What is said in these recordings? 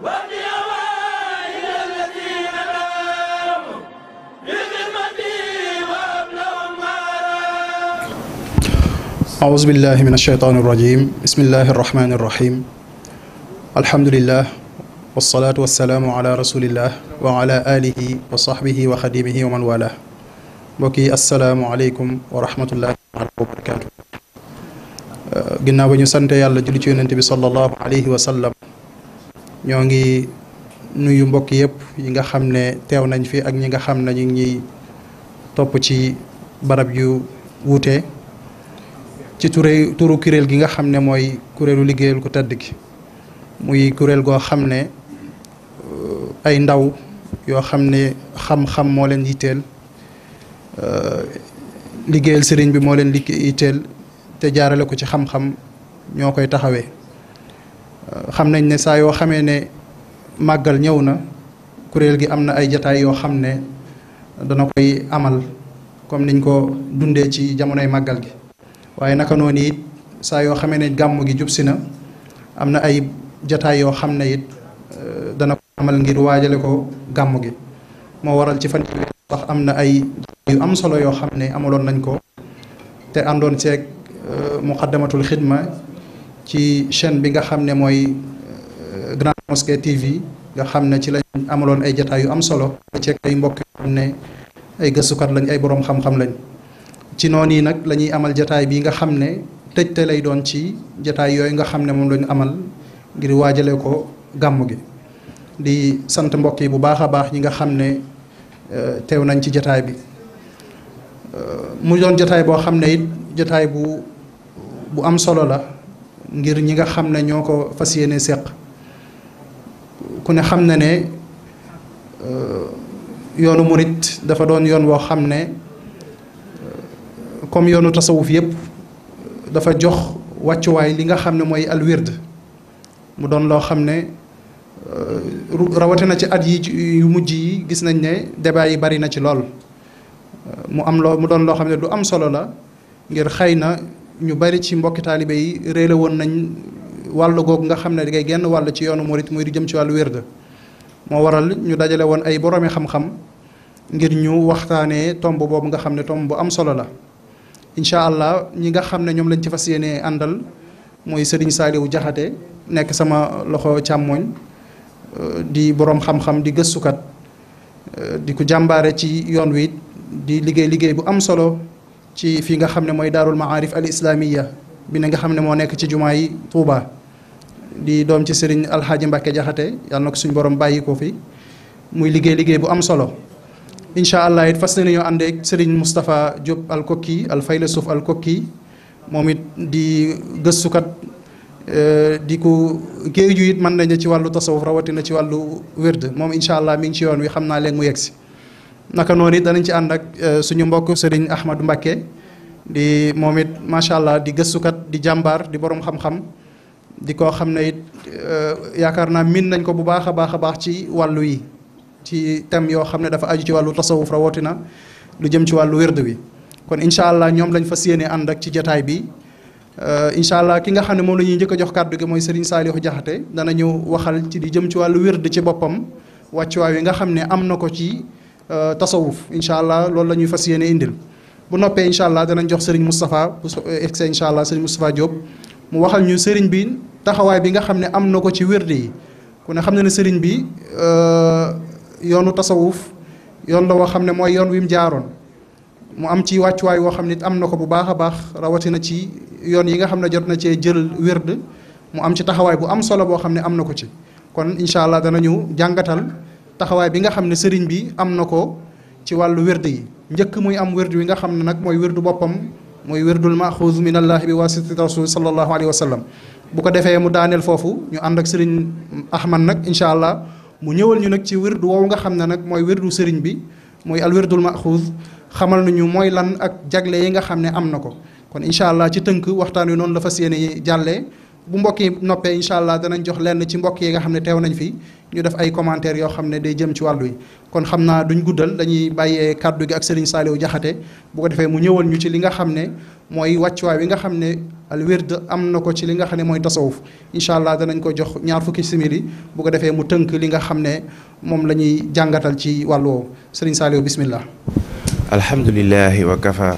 أعوذ بالله من الشيطان الرجيم بسم الله الرحمن الرحيم الحمد لله والصلاة والسلام على رسول الله وعلى آله وصحبه وخديمه ومن والاه بكي السلام عليكم ورحمة الله وبركاته قلنا بني سنتي يلا جلتي صلى الله عليه وسلم ñoo ngi nuyu mbokk yëpp yi nga xam ne teew nañ fii ak ñi nga xam nañu ñu ngi topp ci barab yu wuute ci ture kuréel gi nga xam ne mooy kuréelu liggéeyal ku tedd gi muy kuréel goo xam ne euh, ay ndaw yoo xam ne xam-xam moo leen yitteel euh, liggéeyal sëriñ bi moo leen liggéey yitteel te jaarale ko ci xam-xam ñoo koy taxawee xam nañ ne saa yoo xamee ne màggal ñëw na kuréel gi am na ay jataay yoo xam ne dana koy amal comme niñ ko dundee ci jamonoy màggal gi waaye naka noonu it saa yoo xamee ne gàmm gi jub si na am na ay jataay yoo xam ne it euh, dana ko amal ngir waajale ko gàmm gi moo waral ci fan wax am na ay yu am solo yoo xam ne amaloon nañ ko te àndoon ceeg euh, muqaddamatul xidma ci chaîne bi nga xam ne mooy euh, Grande Mosquée TV nga xam ne ci lañ amaloon ay jataay yu am solo ceeg ay mbokk yoo ne ay gëstukat lañ ay boroom xam lañ ci noonu yi nag la ñuy amal jataay bi nga xam ne tëjte lay doon ci jataay yooyu nga xam ne moom lañu amal ngir waajale ko gàmm gi di sant mbokk yi bu baax a baax yi nga xam ne euh, teew nañ ci jataay bi euh, mu doon jataay boo xam ne it jataay bu bu am solo la ngir ñi nga xam ne ñoo ko fas yéene seq ku ne xam na ne yoonu murit dafa doon yoon woo xam ne comme yoonu tasawuf yépp dafa jox wàccuwaay li nga xam ne mooy wird mu doon loo xam ne na ci at yi yu mujj yi gis nañ ne débat yi bari na ci lool mu am loo mu doon loo xam ne lu am solo la ngir xëy na ñu bari ci mbokki taalibe yi réelé woon nañ wàll googu nga xam ne dangay genn wàll ci yoonu murit muy di jëm ci wàllu wérd moo waral ñu dajale woon ay boroomi xam-xam ngir ñu waxtaanee tomb boobu nga xam ne tomb bu am solo la incha allah ñi nga xam ne ñoom lañ ci fas yéenee àndal mooy sëriñ Saaliwu Jaxate nekk sama loxo càmmooñ euh, di boroom xam-xam di gëstukat euh, di ko jàmbaare ci yoon wi di liggéey liggéey bu am solo ci fi nga xamne moy darul maarif al islamiya bi nga xamne mo nek ci juma yi Touba di dom ci al hadji mbake jaxate yalla na suñu borom bayiko fi muy liggey liggey bu am solo insha allah it fasna ñu ande serigne mustafa job al kokki al faylasuf al kokki di geussu di euh di ko geeyju it man nañ ci walu tasawuf na ci walu mom allah mi ngi ci yoon wi xamna leg mu naka noni eh, it danañ ci ànd ak Ahmad mbokk di momit it di gesukat di jambar di borom xam-xam di ko ham ne it eh, karena min nañ ko bu baax a baax ci wàllu yi ci tem yo xam dafa aju ci walu tasawuf rawatina lu jëm ci walu kon incha allah ñoom lañ fas yéene ànd ak ci jataay bi eh, incha allah ki nga xam ne moom la jox kàddu gi mooy Serigne Saliou Diakhaté dana ñëw waxal ci di jëm ci wàllu wérd ci boppam wàccuwaay wi nga xamne amna ko ci Euh, tasawuf incha allah loolu la ñuy fas yéene indil bu noppee incha allah danañ jox Serigne Moustapha bu euh, egsee incha allah Serigne Moustapha Diop mu waxal ñu Serigne bi taxawaay bi nga xam ne am na ko ci wérde yi kon ne xam na ne Serigne bi euh, yoonu tasawuf yoon la woo xam ne mooy yoon wi mu jaaroon mu am ci wàccuwaay woo xam ne am na ko bu baax a baax rawatina ci yoon yi nga xam ne jot na cee jël wérde mu am ci taxawaay bu am solo boo xam ne am na ko ci kon incha allah ñëw jàngatal. taxawaay bi nga xam ne sëriñ bi am na ko ci wàllu wérd yi njëkk muy am wérd wi nga xam ne nag mooy wérdu boppam mooy wérdul maxuus min allahi bi wasitati rasul sallallahu alayhi wa sallam bu ko defee mu daaneel foofu ñu ànd ak sëriñ ahmad nag incha allah mu ñëwal ñu nag ci wérdu woowu nga xam ne nag mooy wérdu sëriñ bi mooy al wérdul maxuus xamal nañu mooy lan ak jagle yi nga xam ne am na ko kon incha allah ci tënk waxtaan wi noonu la fas yéene jàllee bu mbokk yi noppee incha danañ jox lenn ci mbokk yi xam ne teew nañ fi ñu def ay commentaires yoo xam ne day jëm ci wàllu wi kon xam naa duñ guddal dañuy bàyyee kàddu gi ak Serigne Saliou Diakhaté bu ko defee mu ñëwal ñu ci li nga xam ne mooy wàccuwaay wi nga xam ne al wird am na ko ci li nga xam ne mooy tasawuf incha allah danañ ko jox ñaar fukki simili bu ko defee mu tënk li nga xam ne moom la ñuy jàngatal ci wàllu woowu Serigne Saliou bismillah. alhamdulilahi wa kafa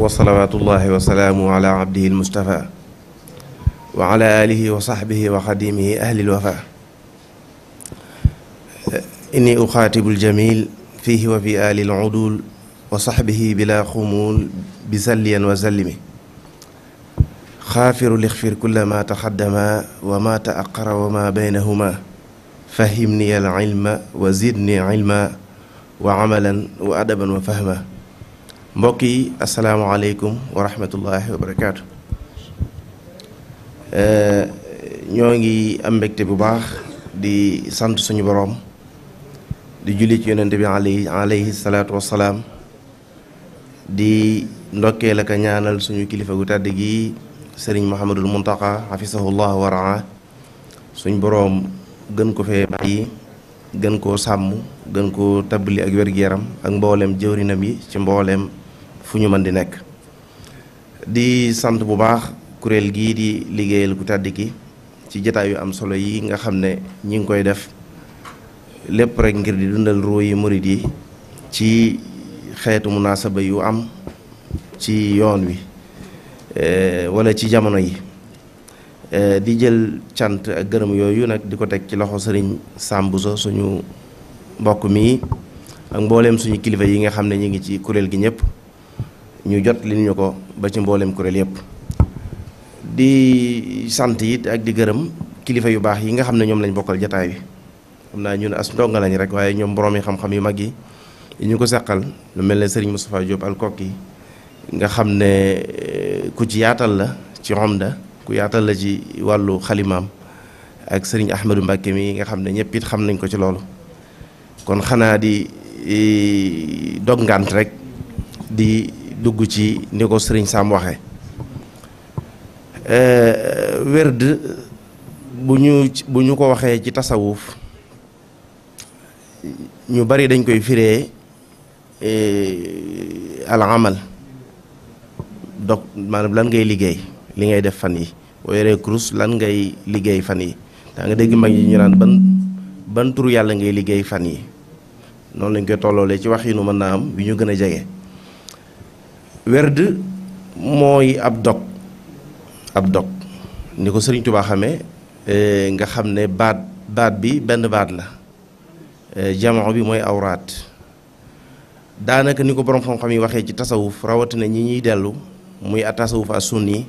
wa salawaatullahi wa salaamu ala abdihi al mustafa وعلى آله وصحبه وخديمه أهل الوفاء إني أخاطب الجميل فيه وفي آل العدول وصحبه بلا خمول بسليا وسلمه خافر لاغفر كل ما تقدما وما تأقر وما بينهما فهمني العلم وزدني علما وعملا وأدبا وفهما mbokk السلام عليكم ورحمة الله وبركاته Eh, ñoo ngi am mbégte di sant suñu borom di Juli ci yonente bi Ali alayhi salaatu wasalaam di ndokkee la ka ñaanal suñu kilifa gu tàdd gi sëriñ muhammadul muntaqa xafisahullah wa raa suñ boroom gën ko fee bàyyi gën koo sàmm gën koo tabli ak wér-gu-yaram ak mboolem jëwrinam yi ci mboolem di nekk di kuréel gii di liggéeyal ku tàdd ci jataay yu am solo yi nga xam ne ñi ngi koy def lépp rek ngir di dundal ruu yi murit yi ci xeetu munaasaba yu am ci yoon wi eh, wala ci jamono yi eh, di jël cant ak gërëm yooyu nag di ko teg ci loxo sëriñ Sambuso suñu mbokk mi ak mbooleem suñu kilifa yi nga xam ne ñu ngi ci kuréel gi ñëpp ñu jot li ñu ko ba ci mbooleem kuréel yëpp di sant ak di gërëm kilifa yu baax yi nga xam ne ñoom lañ bokkal jataay bi xam naa ñun as ndonga lañ rek waaye ñoom borom yi xam-xam yu mag yi ñu ko sàqal lu mel ne sëriñ Moustapha Diop kokki nga xam ne eh, ku ci yaatal la ci omda ku yaatal la ci wàllu xalimaam ak sëriñ Ahmadou Mbacke mi nga xam ne ñëpp it xam nañ ko ci loolu kon xanaa di eh, doggant rek di dugg ci ni ko sëriñ Sam waxee Euh, werd bu ñu bu ñu ko waxee ci tasawuf ñu bari dañ koy firee euh, al amal donc lan ngay liggéey li ngay def fan yi boo yoree kurus lan ngay liggéey fan yi daa nga dégg mag yi ñu naan ban ban yàlla ngay liggéey fan yi noonu lañ koy tolloolee ci wax yi nu mën naa am bi ñu gën a jege werd mooy ab dog ab dog ni ko sëriñ Tuubaa xamee eh, nga xam ne baat baat bi benn baat la eh, jamono bi mooy awraat daanaka ni ko borom xam-xam yi waxee ci tasawuf rawatina ñi ñuy dellu muy a tasawuf a sunni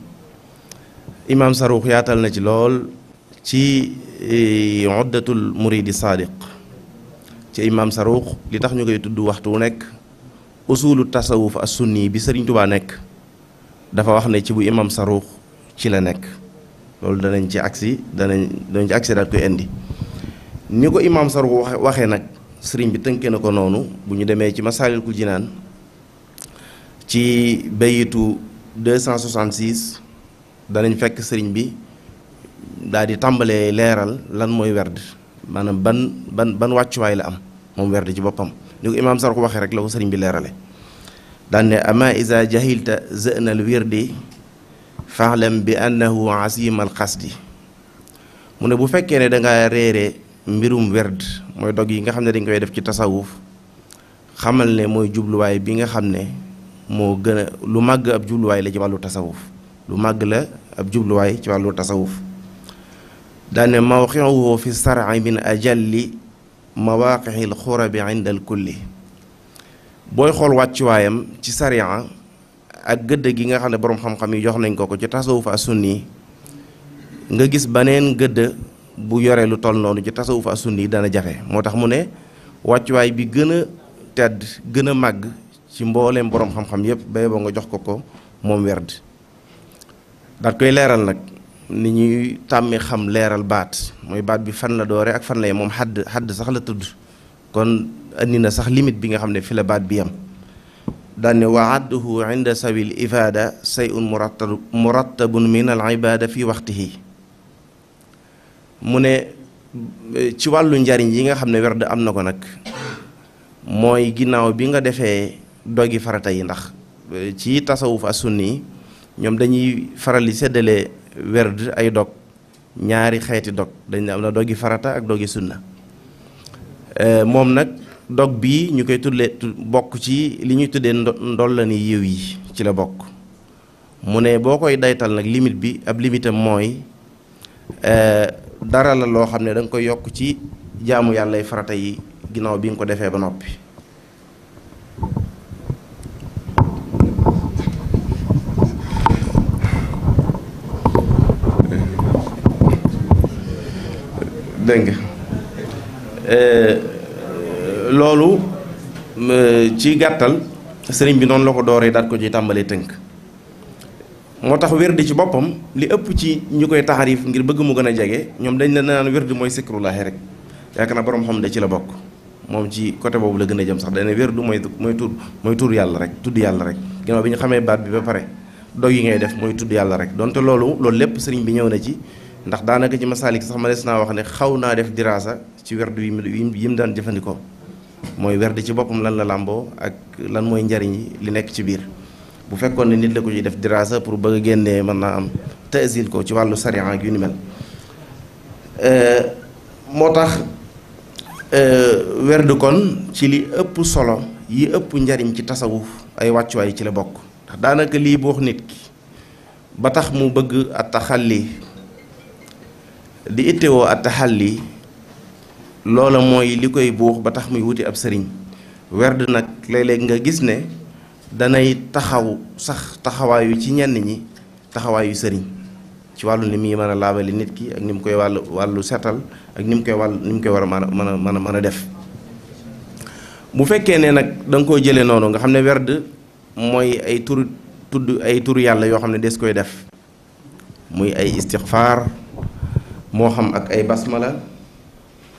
imaam Saruux yaatal na ci lool ci eh, uddatul muridi saadiq ci imaam Saruux li tax ñu koy tudd waxtu wu nekk usulu tasawuf a sunni bi sëriñ Tuubaa nekk dafa wax ne ci bu imaam Saruux ci la nekk loolu danañ ci agsi danañ danañ ci agsi daal koy indi ni ko imaam Sarr waxe waxee nag sëriñ bi tënkee na ko noonu bu ñu demee ci Masaalikul Jinaan ci bayitu 266 danañ fekk sëriñ bi daal di tàmbalee leeral lan mooy werd maanaam ban ban ban wàccuwaay la am moom werd ci boppam ni ko imaam Sarr ko waxee rek la ko sëriñ bi leerale daan ne ama isa jahilta zënal wirdi faalam bi annahu azim al qasdi mu ne bu fekkee ne da nga réere mbirum werd mooy dog yi nga xam ne dañ koy def ci tasawuf xamal ne mooy jubluwaay bi nga xam ne moo gën a lu màgg ab jubluwaay la ci wàllu tasawuf lu màgg la ab jubluwaay ci wàllu tasawuf daane mawqiuhu fi sarci min ajalli mawaqici alxurabi inda al kulli booy xool wàccuwaayam ci sariya ak gëdd gi nga xam ne boroom xam-xam yi jox nañ ko ko ci tasawuf a sunni nga gis beneen gëdd bu yore lu toll noonu ci tasawu a sunni dana jafe moo tax mu ne wàccuwaay bi gën a tedd gën a màgg ci mbooleem boroom xam-xam yépp bay nga jox ko ko moom werd daat koy leeral nag ni ñuy tàmmi xam leeral baat mooy baat bi fan la doore ak fan lay moom xadd xadd sax la tudd kon indi na sax limite bi nga xam ne fi la baat bi yam daanne wa adduhu inda sawil ifaada say un murattab murattabun min al ibaada fi waxtihi mu ne ci wàllu njariñ yi nga xam ne werd am na ko nag mooy ginnaaw bi nga defee dogi farata yi ndax e, ci tasawuf as sunni ñoom dañuy faral di séddale werd ay dog ñaari xeeti dog dañ am na dogi farata ak dogi sunna e, moom nag dog bii ñu koy tuddee bokk ci li ñuy tuddee ndollani yiw yi ci la bokk mu ne boo koy daytal nag limite bi ab limitam mooy eh, dara la loo xam ne da nga koy yokk ci jaamu yàllay farata yi ginnaaw bi nga ko defee ba noppi dégg loolu euh, ci gàttal sëriñ bi noonu la ko dooree daat ko ci tàmbalee tënk moo tax wérdi ci boppam li ëpp ci ñu koy taxarif ngir bëgg mu gën a jege ñoom dañ la naan wérdi mooy sikrullaahi rek yaakaar na borom xam de ci la bokk moom ci côté boobu la gën a jëm sax dana wérdu mooy mooy tur mooy tur yàlla rek tudd yàlla rek ginnaaw bi ñu xamee baat bi ba pare dog yi ngay def mooy tudd yàlla rek donte loolu loolu lépp sëriñ bi ñëw na ci ndax daanaka ci masaalik sax ma des naa wax ne xaw naa def diraasa ci werdu yi mu daan jëfandikoo mooy werd ci boppam lan la làmboo ak lan mooy njariñ yi li nekk ci biir bu fekkoon ne nit la ko ñuy def dirasa pour bëgg a génnee mën naa am taasil ko ci wàllu sariya ak yu ni mel euh, moo tax euh, werd kon ci li ëpp solo yi ëpp njariñ ci tasawu ay wàccuwaay ci la bokk ndax daanaka lii bu wax nit ki ba tax mu bëgg at taxalli di ittewoo at lii loola mooy li koy buux ba tax muy wuti ab sëriñ werd nag léeg-léeg nga gis ne danay taxaw sax taxawaayu ci ñenn ñi taxawaayu sëriñ ci wàllu ni muy mën a laabali nit ki ak ni mu koy wàllu wàllu setal ak ni mu koy wàll ni mu koy war a mën a mën a mën a def bu fekkee ne nag da nga koy jëlee noonu nga xam ne werd mooy ay tur tudd ay turu yàlla yoo xam ne des koy def muy ay istixfaar moo xam ak ay basmala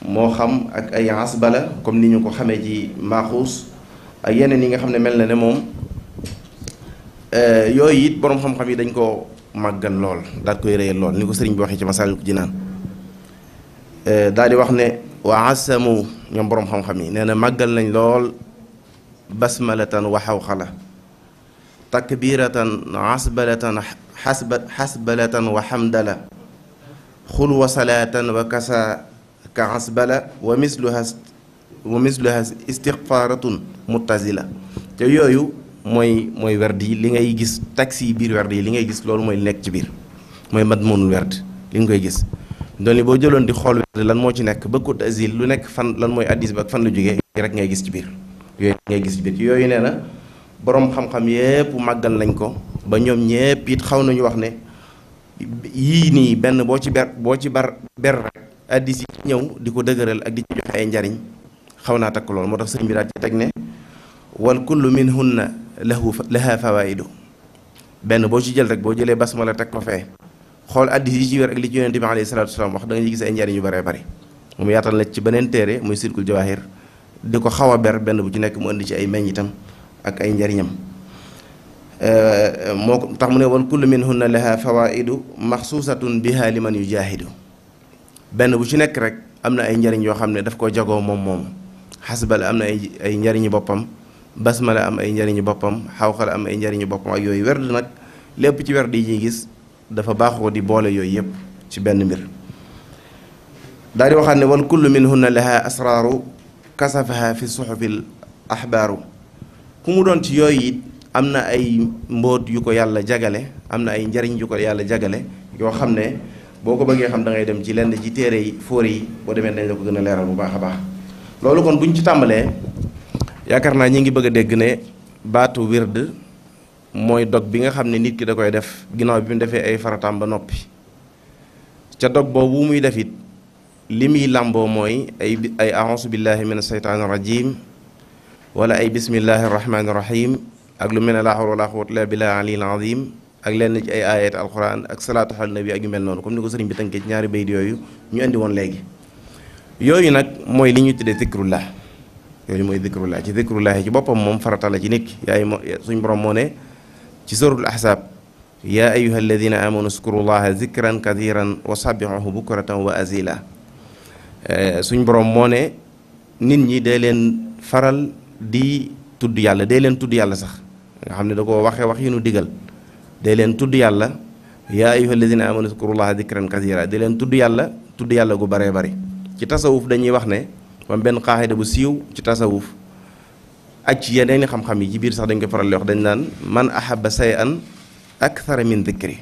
moo xam ak ay asbala comme ni ñu ko xamee ci maaxuus ak yeneen yi nga xam ne mel na ne moom yooyu it borom xam-xam yi dañ koo màggan lool daal koy réyal lool ni ko bi waxee ci masaalikul jinaan daal di wax ne wa asamu ñoom borom xam-xam yi nee màggal nañ lool basmalatan wa xawxala takbiratan asbalatan xasba xasbalatan wa xamdala xul wa salatan wa kasa ka xasbala wa misluha wa misluha istighfaratun la te yooyu mooy mooy werd yi li ngay gis taxi biir werd yi li ngay gis loolu mooy nekk ci biir mooy mat moonul werd li nga koy gis doon boo jëloon di xool werd lan moo ci nekk ba kut asil lu nekk fan la mooy addis bi ak fan la jógee rek ngay gis ci biir yooyu ngay gis ci yooyu nee na boroom xam-xam yépp màggal lañ ko ba ñoom ñépp it xaw nañu wax ne yii nii benn boo ci ber boo ci bar ber addis yi ñëw di ko dëgëral ak di ci joxe ay njariñ xaw naa takk lool moo tax sëriñ bi daal ci teg ne wal kullu min na lahu laha fawaidu benn boo ci jël rek boo jëlee la teg ko fee xool addis yi ci wér ak li ci yonente bi alayhi salatu wasalaam wax da nga gis ay njariñ yu bëree bëri moom yaatal na ci beneen téere muy sirkul jawahir di ko xaw a ber benn bu ci nekk mu indi ci ay meññitam ak ay njariñam moo tax mu ne wal kullu min hunna laha fawaidu maxsuusatun biha liman yujaahidu ben bu ci nek rek amna ay njariñ yo xamne daf ko jago mom mom hasbal amna ay ay njariñu boppam basmala am ay njariñu bopam xawxala am ay njariñu bopam ak yoy werd nak lépp ci werd yi gis dafa baaxoo di bolé yoy yëpp ci ben mbir daal di wal kullu minhunna laha asraru kasafaha fi suhufil ahbar ku mu ci yoy yi amna ay mbóot yu ko yàlla jagale amna ay njariñ yu ko yàlla jagale yo xamne boko ko bëggee xam da ngay dem ci lenn ci téere yi fóore yi boo demee dañ la ko gën a leeral bu baax a baax loolu kon buñ ci tàmbalee yaakaar naa ñi ngi bëgg a dégg ne baatu wird mooy dog bi nga xam ne nit ki da koy def ginnaaw bi mu defee ay faratam ba noppi ca dog boobu muy def li muy ay ay aousu billahi min rajim wala ay bismillahi rahmani rahim ak lu mel ne laa hawla wala quwwata illa billahi azim ak lenn ci ay ayat alquran ak salaatu xal nabi ak yu mel noonu comme ni ko sëriñ bi tënkee ci ñaari bayit yooyu ñu indi woon léegi yooyu nag mooy li ñuy tuddee zikrullah yooyu mooy zikrullah ci zikrullah ci boppam moom farata la ci nit yaay suñ borom moo ne ci suratul ahzab yaa ayuha alladina amanu zkurullaha zikran kathiran wa sabihuhu bukratan wa azila suñ borom moo ne nit ñi dee leen faral di tudd yàlla dee leen tudd yàlla sax nga xam digal dalen tuddu yalla ya yaa ayuha amanu zkurullaha dhikran katira dalen tuddu yalla tuddu yalla gu bare bari ci tasawuf dañuy wax ne mam ben xaaxida bu siiw ci tasawuf acc yeneen xam-xam yi sax dañ ko faral wax dañ nan man ahabba shay'an akthar akthara min dhikri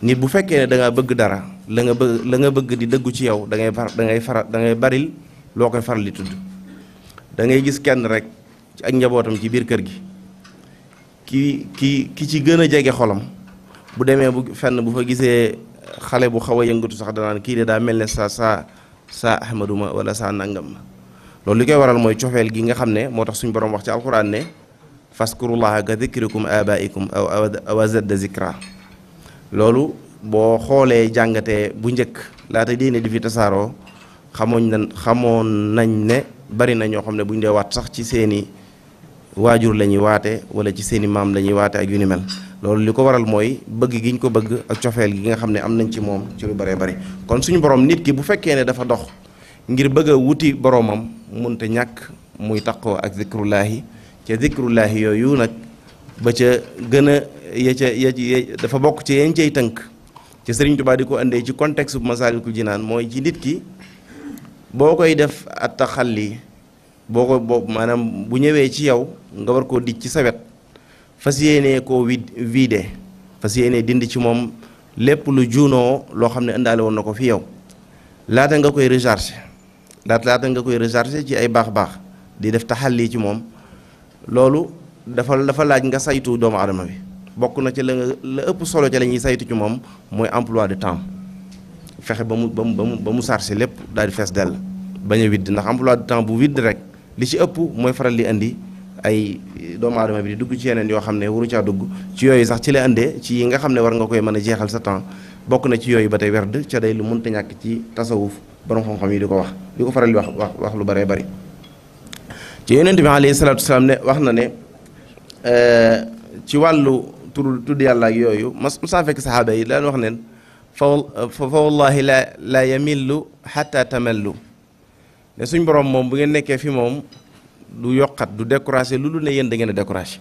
nit bu fekkee ne da nga bëgg dara la nga bëgg la nga bëgg di dëggu ci yow da ngay far da ngay far da ngay baril loo koy faral di tudd da ngay gis kenn rek ak njabootam ci biir kër gi ki ki ki ci gëna jégué xolam bu démé bu fenn bu fa gisé xalé bu xawa yëngutu sax da nan ki da sa sa sa ahmaduma wala sa nangam lolou likay waral moy ciofel gi nga xamné motax suñu borom wax ci alquran ne faskurullaha ka dhikrukum abaikum aw aw zadda dhikra lolou bo xolé jàngatee bu la tay diiné di fi tasaaroo xamoon nañ xamoon nañ ne bari na ño xamné buñ dé wat sax ci seeni waajur la ñuy waate wala ci seeni maam lañuy waate ak yu ni mel loolu li ko waral mooy bëgg gi ñu ko bëgg ak cofeel gi nga xam ne am nañ ci moom ci lu bëree bëri kon suñu borom nit ki bu fekkee ne dafa dox ngir bëgg a wuti boroomam munte ñàkk muy tax ko ak zikrullaahi ca zikrullaahi yooyu nag ba ca gën a ya ca dafa bokk ci yeen cay tënk ca Sëriñ Tuubaa di ko andee ci contexte bu Masaalikul Jinaan mooy ci nit ki boo koy def at taxalli boo ko boo maanaam bu ñëwee ci yow nga war koo dij ci sawet wet fas yéenee koo wi viide fas yéenee dindi ci moom lépp lu juunoo loo xam ne indaale woon na ko fi yow laata nga koy recharger laata laata nga koy recharger ci ay baax baax di def taxal lii ci moom loolu dafa dafa laaj nga saytu doomu adama bi bokk na ci la nga la ëpp solo ci la ñuy saytu ci moom mooy emploi de temps fexe ba mu ba mu ba mu charger lépp daal di fees dell bañ a widd ndax emploi de temps bu widd rek. li ci ëpp mooy faral di indi ay doomu aadama bi di dugg ci yeneen yoo xam ne waru caa dugg ci yooyu sax ci la andee ci yi nga xam ne war nga koy mën a jeexal sa temps bokk na ci yooyu ba tey werd ca day lu mënta ñàkk ci tasawuf borom xam-xam yi di ko wax di ko faral di wax wax wax lu bëree bëri. ci yonent bi alayhi salaatu wasalaam ne wax na ne eh, ci wàllu tur tudd yàlla ak yooyu mas saa fekk saxaaba yi daan wax neen fa fa wallahi la la yamillu xata tamallu ne suñ borom moom bu ngeen nekkee fi moom du yokkat du découragé lu dul ne yéen da ngeen a découragé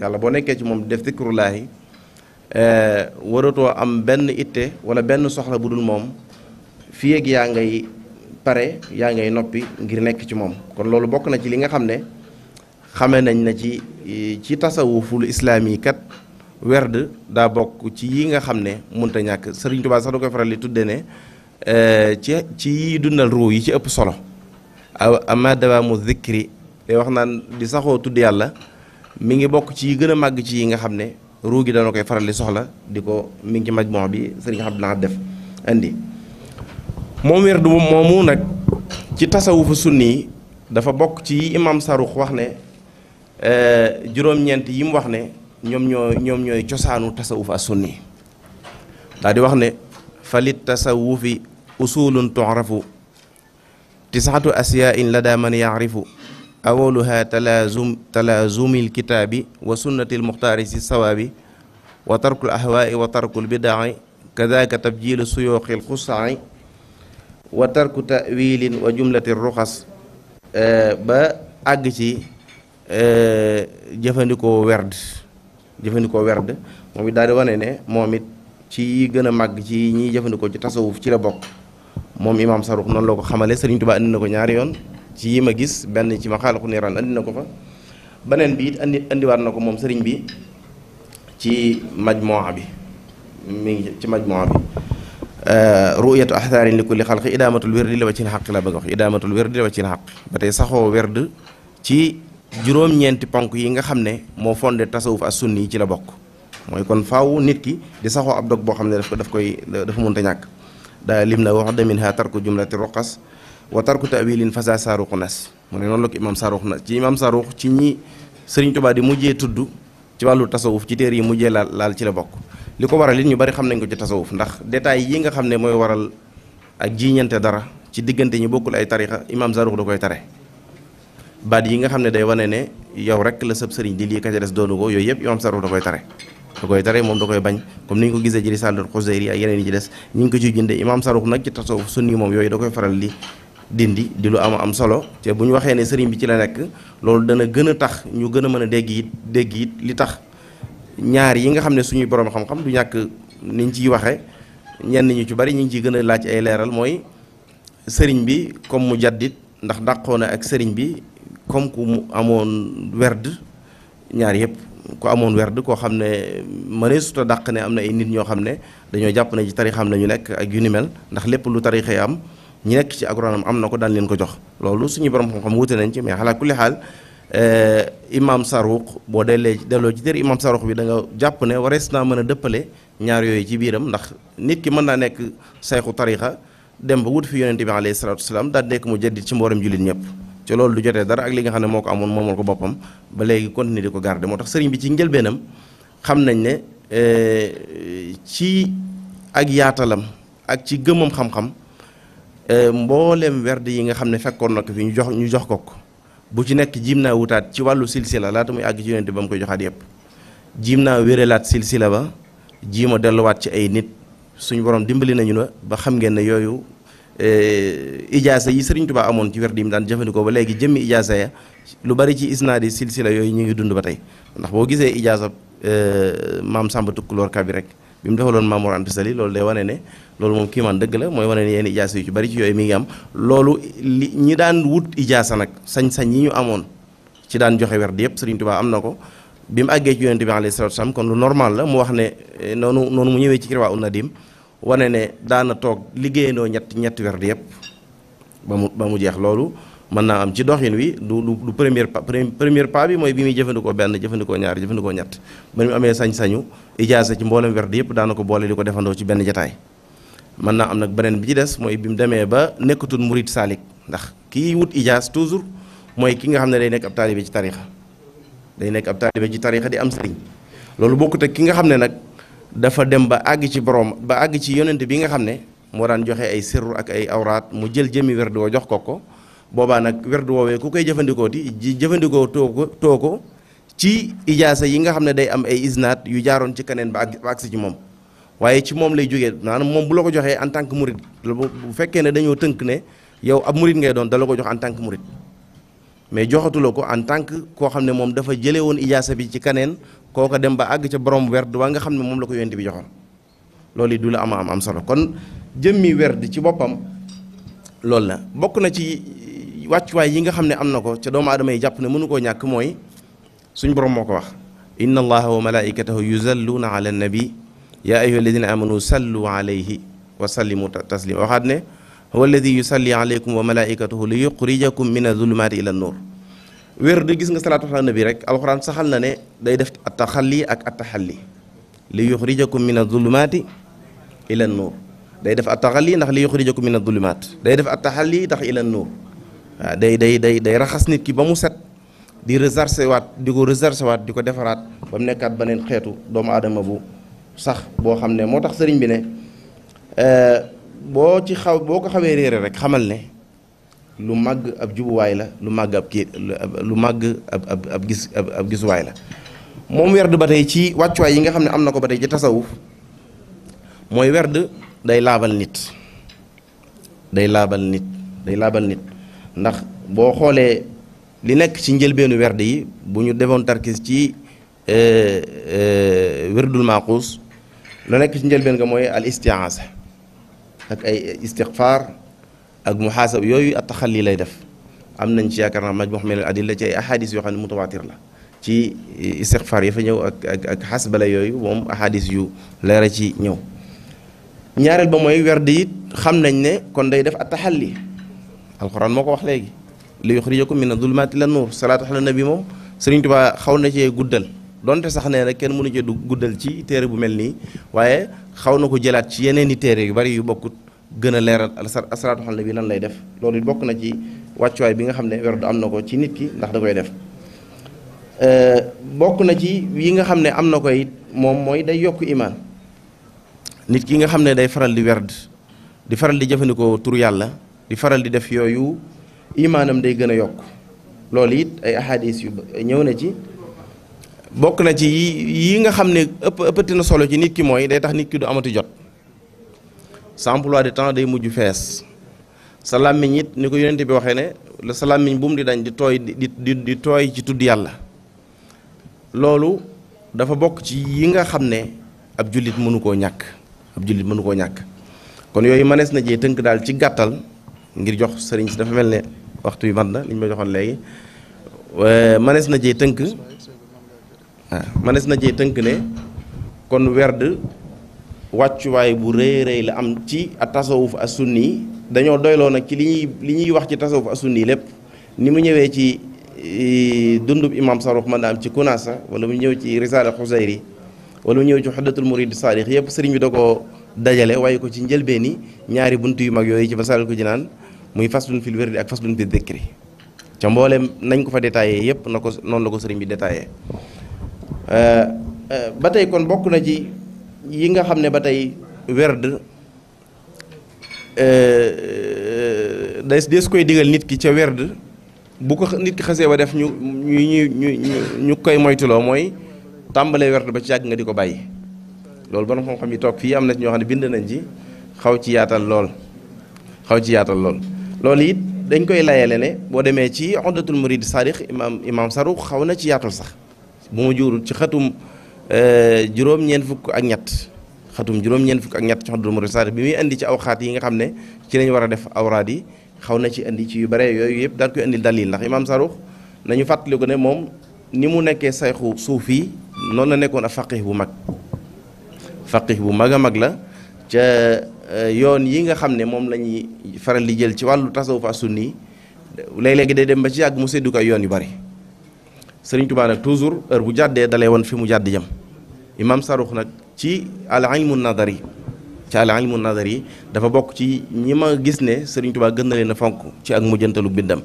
yàlla boo nekkee ci moom def zikrullaahi eh, waratoo am benn itte wala benn soxla bu dul moom fii ak yaa ngay pare yaa ngay noppi ngir nekk ci moom kon loolu bokk na ci li nga xam ne xamee nañ na ci ci tasawuful islaam yi kat werd daa bokk ci yi nga xam ne munta ñàkk Sëriñ Tuubaa sax da koy faral di tudde ne Euh, ci ci yi dundal ruu yi ci ëpp solo ama dawaamu zikri te wax naan di saxoo tudd yàlla mi ngi bokk ci yi gën a màgg ci yi nga xam ne ruu gi dana koy faral di soxla di ko mi ngi ci majmuu bi sëriñ xam dinaa def indi moom wér nag ci tasawufu sunni yi dafa bokk ci yi imam sarux wax ne euh, juróom-ñeent yi mu wax ne ñoom ñoo ñoom ñooy cosaanu tasawuf as sunni daal di wax ne falit tasawufi أصول تعرف تسعة أسياء لدى من يعرف أولها تلازم تلازم الكتاب وسنة المختار الصواب وترك الأهواء وترك البدع كذاك تبجيل سيوخ الخصع وترك تأويل وجملة الرخص با أجي جفنكو ورد جفنكو ورد مومي داري واني مومي تي جنا مجي ني جفنكو جتاسو في بوك moom imaam Sarux noonu la ko xamale Sëriñ Tuubaa indi na ko ñaari yoon ci yi ma gis benn ci ma xaalaxu niiraan andi na ko fa beneen bi it andi andiwaat na ko moom sëriñ bi ci majmuwa bi mi ngi ci majmuwa bi euh, ru'yatu ahtaarin li kulli xalqi idaamatul wérdi la wacin xaq la bëgg wax idaamatul wérdi la wacin xaq ba tey saxoo werd ci juróom-ñeenti ponk yi nga xam ne moo fondé tasawuf as sunni yi ci la bokk mooy kon faw nit ki di saxoo ab dog boo xam ne daf ko daf koy dafa mun mënta ñàkk daa lim na wax da minha tarku jumlati ruqas wa tarku tawilin fasa saaruqu nas mu ne noonu la ko imaam saaruq nas ci imaam saaruq ci ñi sëriñ Tuubaa di mujjee tudd ci wàllu tasawuf ci téer yi mujjee laal laal ci la bokk li ko waral it ñu bari xam nañ ko ci tasawuf ndax détails yi nga xam ne mooy waral ak jiiñante dara ci diggante ñi bokkul ay tarixa imaam saaruq da koy tare baat yi nga xam ne day wane ne yow rek la sëb sëriñ di lii ka ca des doonu yooyu yëpp imaam saaruq da koy tare da koy tere moom da koy bañ comme ni ñu ko gisee ci risalatul Xuseyri ak yeneen yi ci ngi ko ciy jënde imaam Sarux nag ci tasawuf sunni moom yooyu da koy faral di dindi di lu am am solo te bu ñu waxee ne sëriñ bi ci la nekk loolu dana gën a tax ñu gën a mën a dégg it dégg it li tax ñaar yi nga xam ne suñuy borom xam-xam ñàkk niñ ciy waxee ñenn ñu ci bari ñu ngi ciy gën a laaj ay leeral mooy sëriñ bi comme mu jaddit ndax dàqoona ak sëriñ bi comme ku mu amoon werd ñaar yëpp. ku amoon werd koo xam ne mënee suta dàq ne am na ay nit ñoo xam ne dañoo jàpp ne ci tarixam la ñu nekk ak yu ni mel ndax lépp lu tarixa yi am ñi nekk ci agronome am na ko daan leen ko jox loolu suñu borom xam-xam wute nañ ci mais xalaa kulli xaal euh, imam saruq boo deelee delloo ci téer imam saruq bi da nga jàpp ne warees naa mën a dëppale ñaar yooyu ci biiram ndax nit ki mën naa nekk sayxu tarixa dem ba wut fi yonente bi alayhi salatu wasalaam daal nekk mu jaddit ci mbooram jullit ñëpp ci loolu du jotee dara ak li nga xam ne moo ko amoon moomal ko boppam ba léegi continuer di ko garder moo tax sëriñ bi ci njëlbeenam xam nañ ne euh, ci ak yaatalam ak ci gëmam xam-xam euh, mboolem werd yi nga xam ne fekkoon na ko fi ñu jox ñu jox ko bu ci nekk jiim naa wutaat ci wàllu silsila laata muy àgg ci yonente ba mu koy joxaat yëpp jiim naa wérelaat silsila ba jiima delluwaat ci ay nit suñu borom dimbali nañu na ba xam ngeen ne yooyu Eh, ijaasa yi Sëriñ Tuubaa amoon ci werd yi mu daan jëfandikoo ba léegi jëmmi ijaasa ya lu bari ci isnaadi silsila yooyu ñu ngi dund ba tey ndax boo gisee ijaasa eh, maam Samba Tukulóor Ka bi rek bi mu defaloon Maam Mor Anta Sali loolu day wane ne loolu moom kii man dëgg la mooy wane ne yenn ijaasa yu ci bari ci yooyu mi ngi am loolu li ñi daan wut ijaasa nag sañ-sañ yi ñu amoon ci daan joxe werd yëpp Sëriñ Tuubaa am na ko bi mu àggee ci Yonent bi alayhi salaatu wa salaam kon lu normal la mu wax ne eh, noonu noonu mu ñëwee ci Irwaa un Nadim wane ne daana toog liggéeyandoo ñett ñetti weer yëpp ba mu ba mu jeex loolu mën naa am ci doxin wi du du premier pas premier pas bi mooy bi muy jëfandikoo benn jëfandikoo ñaar jëfandikoo ñett ba mu amee sañ-sañu ijaasa ci mboolem werd yëpp daana ko boole di ko defandoo ci benn jataay mën naa am nag beneen bi ci des mooy bi mu demee ba nekkatul murit saalik ndax kii wut ijaas toujours mooy ki nga xam ne day nekk ab taalibe ci tariixa day nekk ab taalibe ci tariixa di am sëriñ ki nga xam ne nag dafa dem ba àgg ci borom ba àgg ci yonent bi nga xam ne moo daan joxe ay sirru ak ay awraat mu jël jëmi werdu jox ko ko boobaa nag werdu woowee ku koy jëfandikoo ti ji jëfandikoo too tooko too ko ci ijaasa yi nga xam ne day am ay isnaat yu jaaroon ci keneen ba àgg si ci moom waaye ci moom lay jógee maanaam moom bu la ko joxee en tant que murid bu fekkee ne dañoo tënk ne yow ab murid ngay doon dala ko jox en tant mais joxatula ko en tant koo xam ne moom dafa jëlee ijaasa bi ci keneen kooka dem ba àgg ca borom werd waa nga xam ne moom la ko yonent bi joxoon loolu yi du la am am solo kon jëmmi werd ci boppam loolu na bokk na ci wàccuwaay yi nga xam ne am na ko ca doomu aadama yi jàpp ne mënu koo ñàkk mooy suñ borom moo ko wax inna allaha wa malaikatahu yusalluuna ala nabi yaa ayyuha alladina amanu sallu alayhi wa sallimu taslima waxaat ne huwa alladi yusalli alaykum wa malaikatuhu li yuxrijakum min azulumati ila nuur wér di gis nga salaatu ala nabi rek alxuraan saxal na ne day def attaxalli ak attaxalli li yuxrijakum min azulumaati ila nuur day def attaxalli ndax li yuxrijakum min azulumaat day def attaxalli ndax ila nuur waaw day day day day raxas nit ki ba mu set di resarcé waat di ko resarcé waat di ko defaraat ba mu nekkaat beneen xeetu doomu aadama bu sax boo xam ne moo tax sëriñ bi ne boo ci xaw boo ko xawee réere rek xamal ne lu màgg ab jubuwaay la lu màgg ab kii lu màgg ab ab gis ab gisuwaay la moom werd ba tey ci wàccuwaay yi nga xam ne am na ko ba tey ci tasawuf mooy werd day laabal nit day laabal nit day laabal nit ndax boo xoolee li nekk ci njëlbeenu werd yi bu ñu defoon tarkis ci euh, euh, werdul maaquus lu nekk ci njëlbeen nga mooy al istiaasa ak ay istighfar ak muxaasab yooyu ataxalli lay def am nañ ci yaakaar naa majmuux min al adilla ci ay yo yoo xam ne mutawaatir la ci istixfaar ya fa ñëw ak ak ak xasbala yooyu moom ahadis yu leera ci ñëw ñaareel ba mooy werd it xam nañ ne kon day def ataxalli alxuraan moo ko wax léegi li yuxrijakum mina dulumaati ila nuur salaatu ala nabi moom Sëriñ Tuubaa xaw na guddal donte sax nee na kenn mënu cee guddal ci téere bu mel nii waaye xaw ci yeneen i yu bari yu bokkut gën a leeral asalaatu xal bi lan lay def loolu bokk na ci wàccuwaay bi nga xam ne werdu am na ko ci nit ki ndax da koy def euh, bokk na ci yi nga xam ne am na ko it moom mooy day imaan nit ki nga xam ne day faral di werd di faral di jëfandikoo tur yàlla di faral di def yooyu imaanam day gën a yokk loolu it ay ahadis yu ñëw na ci bokk na ci yi yi nga xam ne ëpp ëppati na solo ci nit ki mooy day tax nit ki du amati jot sa emploi du temps day mujj fees sa làmmiñ it ni ko yonente bi waxee ne sa làmmiñ bu di dañ di tooy di di di tooy ci tudd yàlla loolu dafa bokk ci yi nga xam ab jullit mënu koo ñàkk ab jullit mënu koo ñàkk kon yooyu mënees na jee tënk daal ci gàttal ngir jox dafa ne waxtu bi na li ma joxoon léegi na jee tënk waaw na jee tënk ne kon wàccuwaay bu rëy rëy la am ci a tasawuf a sunni dañoo doyloo nag ci li ñuy li ñuy wax ci tasawuf a sunni lépp ni mu ñëwee ci eh, dundub imam Sarux mën na am ci Kunaasa wala mu ñëw ci Risaala Xusayri wala mu ñëw ci Xuddatul Murid Saalix yëpp sëriñ bi da koo dajale waaye ko ci njëlbeeni ñaari bunt yu mag yooyu ci Masaalikul ko Jinaan muy faslun fil wirdi ak faslun fil dikri ca mbooleem nañ ko fa détaillé yëpp na ko noonu la ko sëriñ bi détaillé eh, eh, ba tey kon bokk na ci. yi nga xam ne ba tey werd euh, des su koy digal nit ki ca werd bu ko nit ki xasee ba def ñu ñu ñu ñu koy moytuloo mooy tàmbalee werd ba ci yàgg nga di ko bàyyi loolu ba borom xam-xam ni toog fii am na ci ñoo xam ne bind nañ ci xaw ci yaatal lool xaw ci yaatal lool loolu it dañ koy layale ne boo demee ci oddatul murid sadiq imaam imaam saru xaw na ci yaatal sax bu ma juurul ci xatum Euh, juróom-ñeent fukk ak ñett xatum juróom-ñeent fukk ak ñett ci xadul murid bi muy indi ci aw xaat yi nga xam ne ci ñu war a def awraad yi xaw na ci indi ci yu bare yooyu yëpp daal koy indi dalil ndax imaam Sarux nañu fàttali ko ne moom ni mu nekkee say sayxu suuf yi noonu la nekkoon a faqih bu mag faqih bu mag a mag la ca euh, yoon yi nga xam ne moom la ñuy faral di jël ci wàllu tasawuf sunni léeg-léegi day dem ba ci yàgg mu séddu ko ay yoon yu bari sëriñ Tuubaa nag toujours heure bu jàddee dalee woon fi mu jàdd jëm imam Sarux nag ci al ilmu nadari ci al ilmu nadari dafa bokk ci ñi ma gis ne sëriñ Tuubaa gën na leen fonk ci ak mujjantalu bindam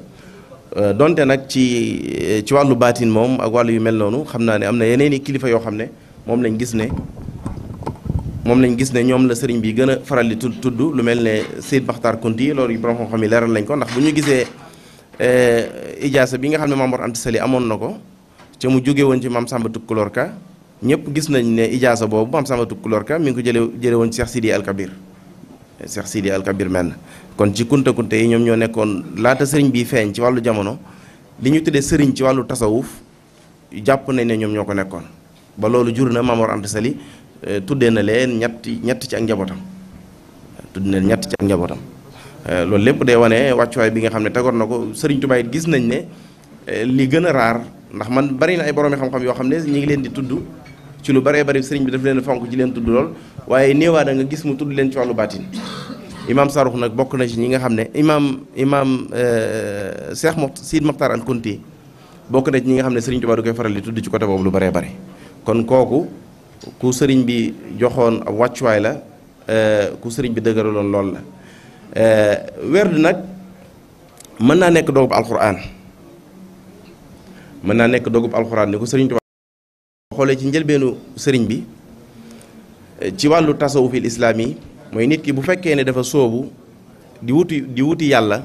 euh, donte nag ci ci wàllu baatin moom ak wàllu yu mel noonu xam naa ne am na yeneen kilifa yoo xam ne moom lañ gis ne moom lañ gis ne ñoom la sëriñ bi gën a faral di tudd tudd lu mel ne Seyd Maxtaar Kunti loolu borom xam-xam yi leeral lañ ko ndax bu ñu gisee euh, ijaasa bi nga xam ne Maam Mor amoon na ko ca mu jóge woon ci maam Samba Tukulóor Ka ñëpp gis nañ ne ijaasa boobu maam Samba Tukulóor Ka mi ngi ko jële jële woon ci Cheikh Sidi Alkabir Cheikh Sidi Alkabir mel na kon ci kunta kunta yi ñoom ñoo nekkoon laata sëriñ bi feeñ ci wàllu jamono li ñu tuddee sëriñ ci wàllu tasawuf jàpp nañ ne ñoom ñoo ko nekkoon ba loolu jur na Mamor Anta Sali eh, tuddee na leen ñett ñett ci ak njabootam tudd na ñett ci ak njabootam eh, loolu lépp day wane wàccuwaay bi nga xam ne tegoon na ko sëriñ Tuubaa it gis nañ ne eh, li gën a raar ndax man bari na ay boroomi xam-xam yoo xam ne ñi ngi leen di tudd ci lu bare bari sëriñ bi dafa leen fonk ci leen tudd lool waaye néewaa a nga gis mu tudd leen ci wàllu baatin imaam Sarux nag bokk na ci ñi nga xam ne imaam imaam euh, Cheikh Moxt Sidi Mokhtar al Kunti bokk na ci ñi nga xam ne sëriñ Tuubaa du koy faral di tudd ci côté boobu lu baree bari kon kooku ku sëriñ bi joxoon ab wàccuwaay la euh, ku sëriñ bi dëgëraloon lool la euh, werd nag mën naa nekk doobu alxuraan mën naa nekk dogub alxuraan ko sëriñ Tuubaa xoolee ci njëlbeenu sëriñ bi eh, ci wàllu tasawufil islaam yi mooy nit ki bu fekkee ne dafa sóobu di wuti di wuti yàlla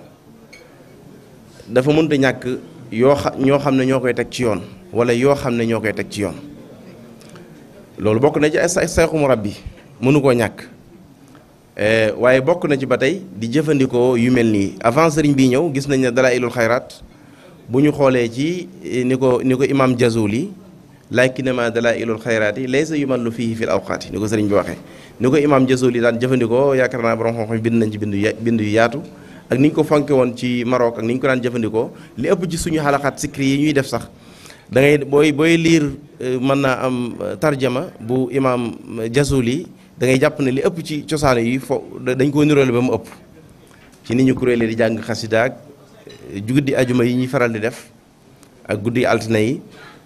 dafa mënta ñàkk yoo xa ñoo xam ne ñoo koy teg ci yoon wala yoo xam ne ñoo koy teg ci yoon loolu bokk na ci ay rab bi mënu koo ñàkk eh, waaye bokk na ci ba tey di jëfandikoo yu mel nii avant sëriñ bi ñëw gis nañ ne dalaa'ilul xayraat bu ñu xoolee ci eh, ni ko ni ko imaam Jazuli lakinama dalailul xayraati laysa yumallu fii fil awqaati ni ko sëriñ bi waxee ni ko imaam Jazuli daan jëfandikoo yaakaar naa borom xam-xam nañ ci bind yu bind yaatu ak ni ko fonke woon ci Maroc ak ni daan jëfandikoo li ëpp ci suñu xalaxaat sikri yi ñuy def sax dangay ngay booy booy liir eh, mën naa am eh, tarjama bu imaam Jazuli da ngay jàpp ne li ëpp ci cosaan yi fo dañ koo niroole ba mu ëpp ci ni ñu kuréelee di jàng xasida ak guddi ajuma yi ñuy faral di def ak guddi altine yi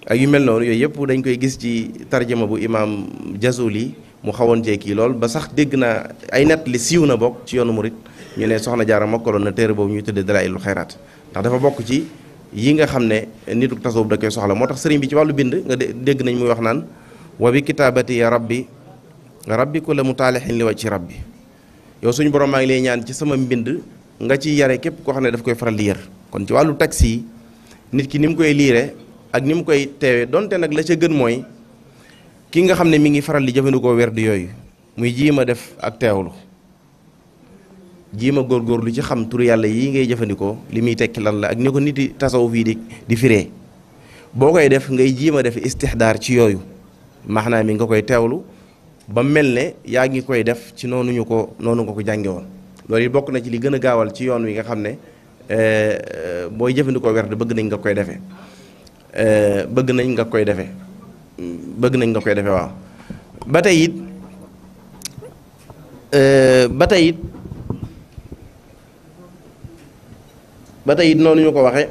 ak yu mel noonu yooyu yëpp dañ koy gis ci tarjama bu imaam Jazuli mu xawoon cee kii lool ba sax dégg naa ay net li siiw na bokk ci yoonu murit ñu ne soxna jaara mokkaloon na téere boobu ñuy tëddee dalaa'ilul xayraat ndax dafa bokk ci yi nga xam ne nitu tasawuf da koy soxla moo tax sëriñ bi ci wàllu bind nga dégg nañ muy wax naan wa bi kitaabati ya rabbi rabbi ku la mu taalixin li wa ci rabbi yow suñu borom maa ngi lay ñaan ci sama mbind nga ci yare képp koo xam ne dafa koy faral di yar kon ci wàllu taksi yi nit ki ni mu koy liire ak ni mu koy teewee donte nag la ca gën mooy ki nga xam ne mi ngi faral di jëfandikoo werd yooyu muy jiima def ak teewlu jiima góorgóorlu ci xam turu yàlla yi ngay jëfandikoo li muy tekki lan la ak ni ko nit yi tasawuf yi di di boo koy def ngay jiima def istixdaar ci yooyu maanaam mi nga koy teewlu ba mel ne yaa ngi koy def ci noonu ñu ko noonu nga ko jànge loolu it bokk na ci li gën a gaawal ci yoon wi nga xam ne euh, euh, booy jëfandikoo werd euh, bëgg nañ nga koy defee bëgg nañ nga koy defee bëgg nañ nga koy defe waaw ba tey it ba tey it ba noonu ñu ko waxe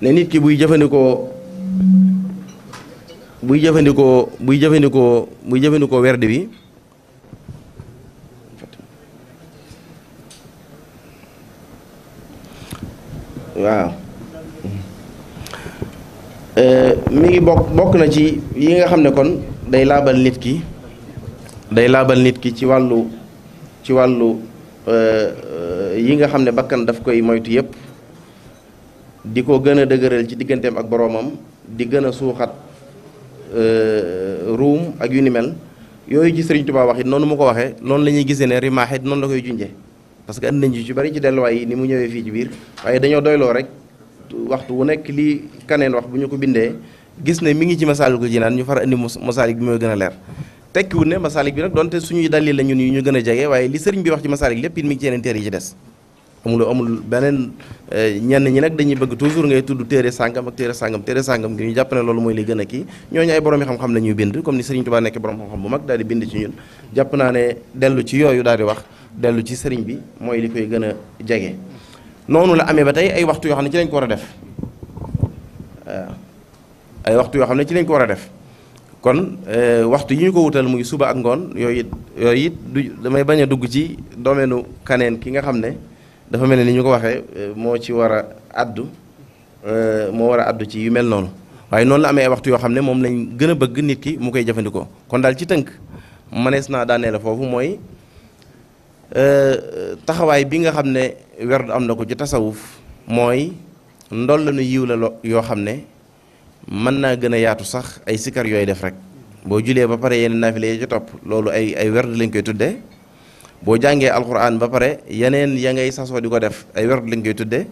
ne nit ki buy jëfandikoo buy jëfandikoo buy jëfandikoo buy jëfandikoo werd bi waaw euh, mi ngi bokk bokk na ci yi nga xam ne kon day laabal nit ki day laabal nit ki ci wàllu ci wàllu euh, euh, yi nga xam ne bakkan daf koy moytu yépp di ko gën a dëgëral ci digganteem ak boroomam di gën a suuxat ruum ak yu ni mel yooyu ci Sëriñ Tuubaa wax noonu mu ko waxe noonu la ñuy gisee ne rimaax it la koy junjee parce que andi nañ ci bari ci delluwaay yi ni mu ñëwee fii ci biir waaye dañoo doyloo rek waxtu wu nekk lii kaneen wax bu ñu ko bindee gis ne mi ngi ci Masaalikul Jinaan ñu far andi masaalik bi mooy gën a leer tekkiwul ne masaalik bi nag donte suñuy dalil la ñun yu ñu gën a jege waaye li sëriñ bi wax ci masaalik lépp it mi ngi ci yeneen téere yi ci des amul amul beneen eh, ñenn ñi nag dañuy bëgg toujours ngay tudd téere sàngam ak téere sàngam téere sàngam ngi ñu jàpp ne loolu a ñuy bind comme ni sëriñ Tuubaa nekk borom xam-xam ci ñun jàpp naa ne dellu ci yooyu daal di dellu ci sëriñ bi mooy li koy gën a jege noonu la amee ba tey ay waxtu yoo xam ne ci lañ ko war a def ay waxtu yoo xam ne ci lañ ko war a def kon eh, waxtu yi ñu ko wutal muy suba ak ngoon yooyu it yooyu it du damay bañ a dugg ci domaine kaneen ki nga xam ne dafa mel ne ni ñu ko waxee eh, moo ci war a addu eh, moo war a addu ci yu mel noonu waaye noonu la amee ay waxtu yoo xam ne moom lañ gën a bëgg nit ki mu koy jëfandikoo kon daal ci tënk mënees naa daanee la foofu mooy Euh, taxawaay bi nga xam ne werdu am na ko ci tasawuf mooy ndol la nu yiw la yoo xam ne mën naa gën a yaatu sax ay sikar yooyu def rek boo julee ba pare yeneen naafile yi ci topp loolu ay ay werd lañ koy tuddee boo jàngee alxuraan ba pare yeneen ya ngay sasoo di ko def ay werd lañ koy tuddee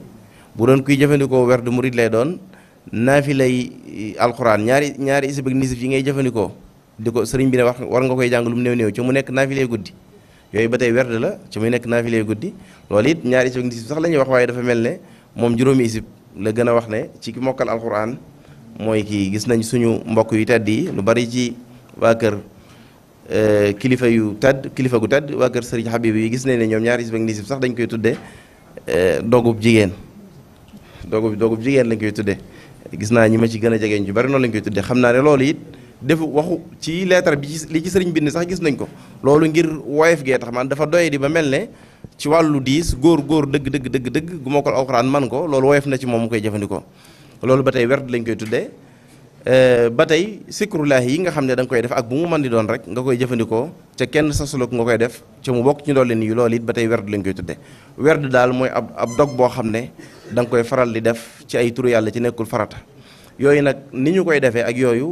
bu doon kuy jëfandikoo werdu mu murid lay doon naafile yi alxuraan ñaari ñaari isib ak nisif yi ngay jëfandikoo di ko sëriñ bi ne wax war nga koy jàng lu mu néew néew ci mu nekk naafile guddi yooyu ba tey werd la ci muy nekk naafile guddi loolu it ñaari isib ak nisib sax la ñuy wax waaye dafa mel ne moom juróomi isib la gën a wax ne ci ki mokkal alquran mooy kii gis nañ suñu mbokk yu tedd yi lu bari ci waa kër eh, kilifa yu tedd kilifa gu tedd waa kër sëriñ Habib yi gis nañ ne ñoom ñaari isib ak nisib sax dañ koy tudde eh, dogub jigéen dogub dogub jigéen lañ koy tudde gis naa ñi ma ci gën a jegeen ju bari noonu lañ koy tudde xam naa ne loolu it def waxu ci lettre bi li ci serigne bind sax gis nañ ko lolou ngir wayef ge tax man dafa doye di ba melne ci walu 10 gor gor deug deug deug deug gu ma ko alquran man ko lolou wayef na ci mom koy jefandiko lolou batay tey werd lañ koy tuddé euh batay sikrullah yi nga xamne dang koy def ak bu mu man di donrek rek nga koy jefandiko ca kenn sasulok nga koy def ci mu bok ci ndolle yi lolit batay ba werd lañ koy tuddé werd dal moy ab ab dog bo xamne dang koy faral di def ci ay turu yalla ci nekkul farata yoy ninyu niñu koy defé ak yoyu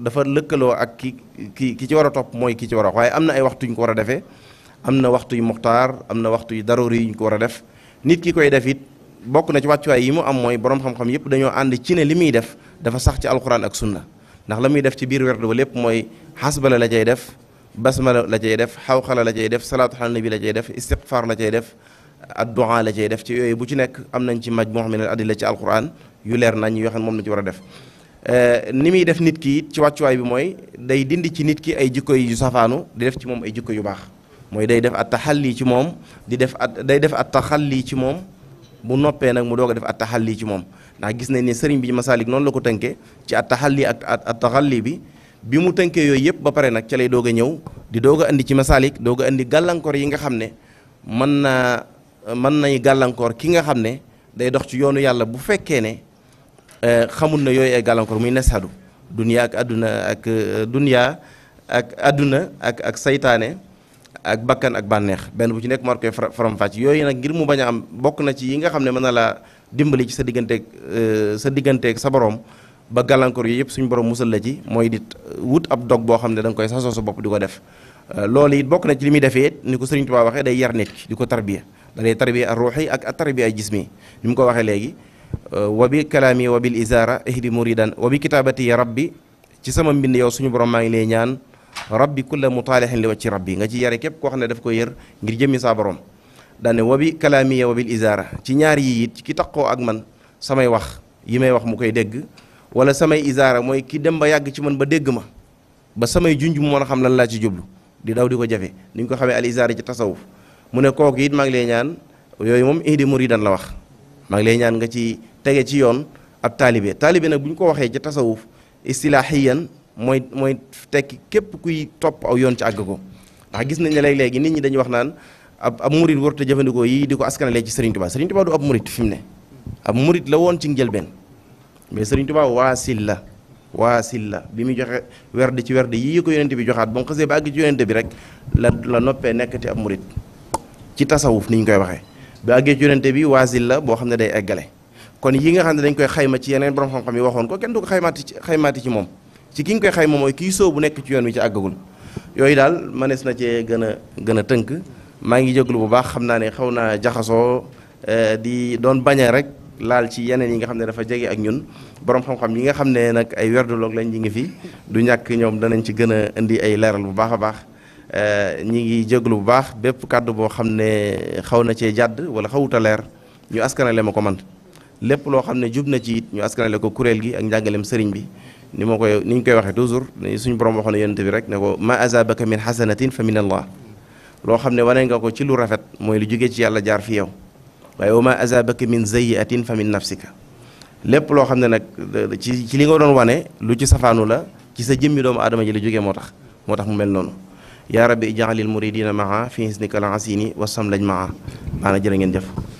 dafa lëkkaloo ak ki ki ki ci war a topp mooy ki ci war wax waaye am na ay waxtuñu ko war a defee am na waxtu yu muxtaar am na waxtu yu daroori yu ñu ko war a def nit ki koy def it bokk na ci wàccuwaay yi mu am mooy borom xam yëpp dañoo ànd ci ne li muy def dafa sax ci alquran ak sunna ndax la muy def ci biir werd ba lépp mooy xasbala la cay def basmala la cay def xaw xawxala la cay def salaatu ala nabi la cay def istighfar la cay def addu'a la cay def ci yooyu bu ci nekk am nañ ci maj moo xam ne adilla ci alquran yu leer nañ yoo xam ne moom la ci war a def Euh, ni muy def nit ki it ci wàccuwaay bi mooy day dindi ci nit ki ay jikko yu safaanu di def ci moom ay jikko yu baax mooy day def at lii ci moom di def at day def at taxalli ci moom bu noppee nag mu doog a def at taxalli ci moom ndax gis nañ ni sëriñ bi masaalik noonu la ko tënkee ci at taxalli ak at lii bi bi mu tënkee yooyu yëpp ba pare nag ca lay doog a ñëw di doog a indi ci masaalik doog a indi gàllankoor yi nga xam ne mën naa mën nañu gàllankoor ki nga xam ne day dox ci yoonu yàlla bu fekkee ne. Eh, xamul na yooyu ay gàllankoor muy nesadu duniya ak àdduna ak eh, duniya ak àdduna ak ak saytaane ak bakkan ak bànneex benn bu ci nekk mar koy faram yooyu nag ngir mu bañ a am bokk na ci yi nga xam ne mën na laa dimbali ci sa digganteeg eh, sa digganteeg sa borom ba gàllankoor yi yëpp suñu borom musal la ci mooy di wut ab dog boo xam ne da koy sasoo sa bopp di ko def loolu it bokk na ci li muy defee ni ko Sëriñ Tuubaa waxee day yar nit di ko tarbiya da lay tarbiya ak ak tarbiya ay ni mu ko waxee léegi Euh, wa bi kalaami wa bil izaara ihdi muridan wa bi kitaabati ya rabbi ci sama mbind yow suñu borom maa ngi lay ñaan rabbi kulla mutaalihin li wacci rabbi nga ci yare képp koo xam ne daf ko yër ngir jëmmi saa borom daane wa bi kalaami ya wa bil izaara ci ñaar yi it ki taqoo ak man samay wax yi may wax mu koy dégg wala samay izaara mooy ki dem ba yàgg ci man ba dégg ma ba samay junj mu a xam lan laa ci jublu di daw di ko jafe ni ñu ko xamee al izaara ci tasawuf mu ne kooku it maa ngi lay ñaan yooyu moom ihdi muridan la wax maa ngi ñaan nga ci tege ci yoon ab taalibe taalibe nag bu ñu ko waxee ci tasawuf istilaahiyan mooy mooy tekki képp kuy topp aw yoon ci àgg ko ndax gis nañ ne léeg-léegi nit ñi dañuy wax naan ab ab murit warut a jëfandikoo yii di ko askanalee ci Serigne Touba Serigne Touba du ab murit fi ne ab murit la woon ci njëlbeen mais Serigne Touba waasil la waasil la bi muy joxe werd ci werd yii ko yonente bi joxaat bon mu xasee ba àgg ci yonente bi rek la la noppee nekkati ab murit ci tasawuf ni koy waxee ba àggee ci yonente bi la boo xam ne day eggale kon yi nga xam ne dañ koy xayma ci yeneen borom xam-xam yi waxoon ko kenn du ko xaymaati ci xaymaati ci moom ci ki ñu koy xayma mooy kii bu nekk ci yoon wi ci àggagul yooyu daal mënees na cee gën a gën a tënk maa ngi jéglu bu baax xam naa ne xaw naa jaxasoo eh, di doon bañ rek laal ci yeneen yi nga xam ne dafa jege ak ñun borom xam yi nga xam ne nag ay werduloog lañ ñi ngi fi du ñàkk ñoom danañ ci gën a indi ay leeral bu baax a baax eh, ñi ngi jéglu bu baax bépp kàddu boo xam ne xaw na cee jàdd wala xawuta leer ñu askanale ma ko man lépp loo xam ne jub na ci it ñu askanale ko kuréel gi ak bi ni ma koy ni ñu koy waxee toujours suñu borom waxoon na yonent bi rek ne ko ma azabaka min xasanatin fa min allah lo xam wane nga ko ci lu rafet mooy lu jógee ci yàlla jaar fi yow waaye ma azabaka min zayiatin fa min nafsika lépp loo xam ne nag ci ci li nga doon wane lu ci safaanu la ci sa jëmmi doomu aadama ji la jógee moo tax mu mel noonu yaa rabbi ijaalil muridina maa fi hisnika al asini wa samlañ jërë ngeen